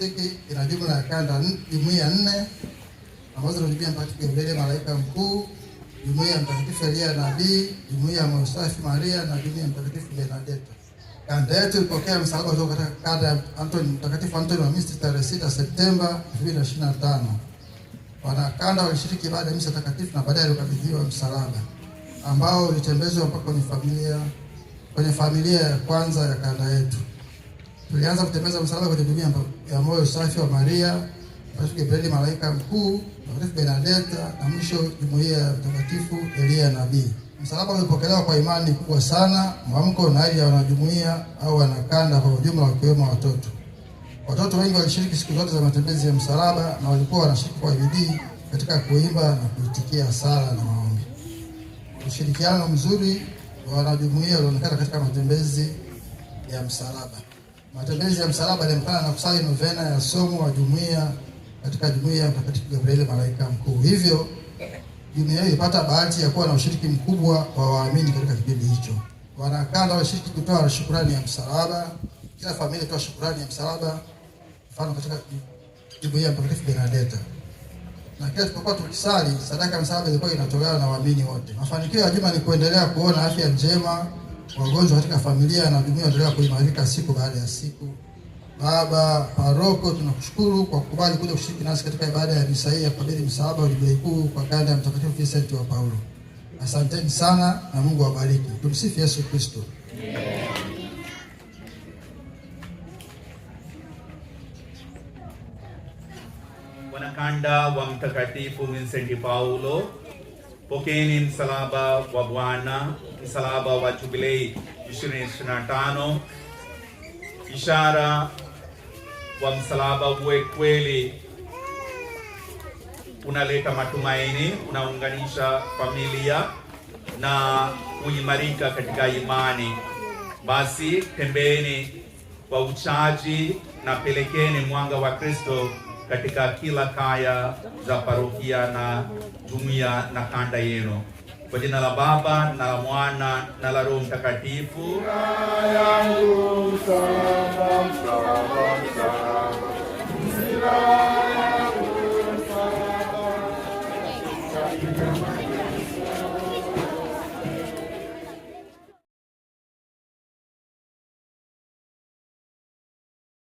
hiki ina jumla ya kanda jumuiya nne ambazo tunajumuia Mtakatifu Gabrieli malaika mkuu, jumuiya ya Mtakatifu Elia nabii, jumuiya ya Mausafi Maria na jumuiya ya Mtakatifu Benedetto. Kanda yetu ilipokea msalaba kutoka katika kanda ya Antoni Mtakatifu Antoni wa Misri tarehe 6 Septemba 2025. Wanakanda walishiriki baada ya misa takatifu na baadaye walikabidhiwa msalaba ambao ulitembezwa mpaka kwenye familia kwenye familia ya kwanza ya kanda yetu. Tulianza kutembeza msalaba kwenye dunia ya moyo safi wa Maria, Mtakatifu Gabrieli malaika mkuu, Mtakatifu Bernadeta na mwisho jumuiya ya Mtakatifu Elia nabii. Msalaba ulipokelewa kwa imani kubwa sana, mwamko na hali ya wanajumuiya au wanakanda kwa ujumla, wakiwemo watoto. Watoto wengi walishiriki siku zote za matembezi ya msalaba na walikuwa wanashiriki kwa bidii katika kuimba na kuitikia sala na maombi. Ushirikiano mzuri wa wanajumuiya ulionekana katika matembezi ya msalaba matembezi ya msalaba aliamkana na kusali novena ya somo wa jumuiya katika jumuiya ya Mtakatifu Gabrieli Malaika Mkuu. Hivyo jumuiya hiyo ipata bahati ya kuwa na ushiriki mkubwa wa waamini katika kipindi hicho. Wanakanda washiriki kutoa shukurani ya msalaba, kila familia kutoa shukurani ya msalaba, mfano katika jumuiya ya Mtakatifu Bernadeta na kila tulipokuwa tukisali sadaka ya msalaba ilikuwa inatolewa na waamini wote. Mafanikio ya juma ni kuendelea kuona afya njema wagonjwa katika familia na jumuiya endelea kuimarika siku baada ya siku. Baba Paroko, tunakushukuru kwa kukubali kuja kushiriki nasi katika ibada ya misa hii ya kukabidhi msaaba wa Kuu kwa kanda ya Mtakatifu Vincent wa Paulo. Asanteni sana na Mungu awabariki. Tumsifu Yesu Kristo. Wanakanda wa Mtakatifu Vincent Paulo pokeni msalaba wa Bwana, msalaba wa Jubilei 2025, ishara wa msalaba uwe kweli unaleta matumaini, unaunganisha familia na kuimarika katika imani. Basi tembeeni kwa uchaji na pelekeni mwanga wa Kristo katika kila kaya za parokia na jumuiya na kanda yenu. Kwa jina la Baba na la Mwana na la Roho Mtakatifu.